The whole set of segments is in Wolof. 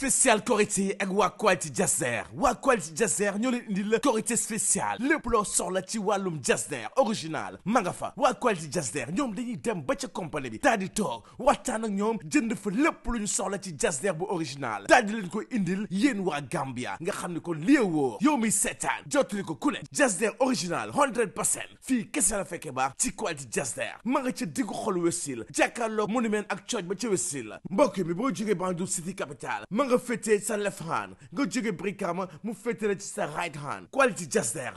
spécial korité ak waa qualité jasner waa qualité jasner ñoo leen indi la korité spécial lépp loo soxla ci wàllum jasner original ma nga fa waa qualité jasner ñoom dañuy dem ba ca compagnie bi daal di toog waxtaan ak ñoom jënd fa lépp lu ñu soxla ci jasner bu original daal di leen ko indil yéen waa Gambia nga xam ne kon liy wóor yow mi seetaan jottali ko ku ne jasner original 100 percent fii kese la fekkee baax ci qualité jasner ma nga ca diggu xolu West Hill jàkkaarloo monument ak cooj ba ca West Hill mbokk mi boo jógee Banjul City Capital nga féetee sa left hand nga jóge Brikama mu féetee ci sa right hand quality just there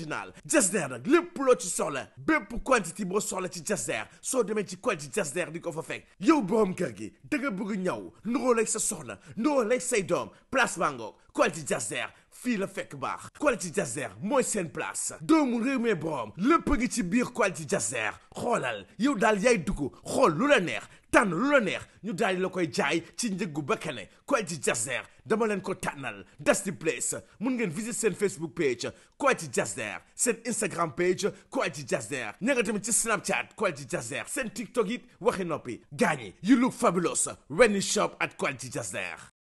original Jazzer nag lépp loo ci soxla bépp quantité boo soxla ci Jazzer soo demee ci quantité Jazzer di ko fa fekk yow borom kër gi da nga bëgg ñaw nuroo lay sa soxla nuroo lay say doom place bangoog quantité Jazzer fii la fekk baax Quality Jazzer mooy seen place doomu réew mi boroom lépp ngi ci biir Quality Jazzer xoolal yow daal yaay dugg xool lu la neex tànn lu la neex ñu daal di la koy jaay ci njëggu bakkane Quality Jazzer dama leen ko tànnal Dusty Place mun ngeen visiter seen Facebook page Quality Jazzer seen Instagram page Quality Jazzer ña nga tamit ci Snapchat Quality Jazzer seen TikTok it waxi noppi gaañi you look fabulous wenn you shop at Quality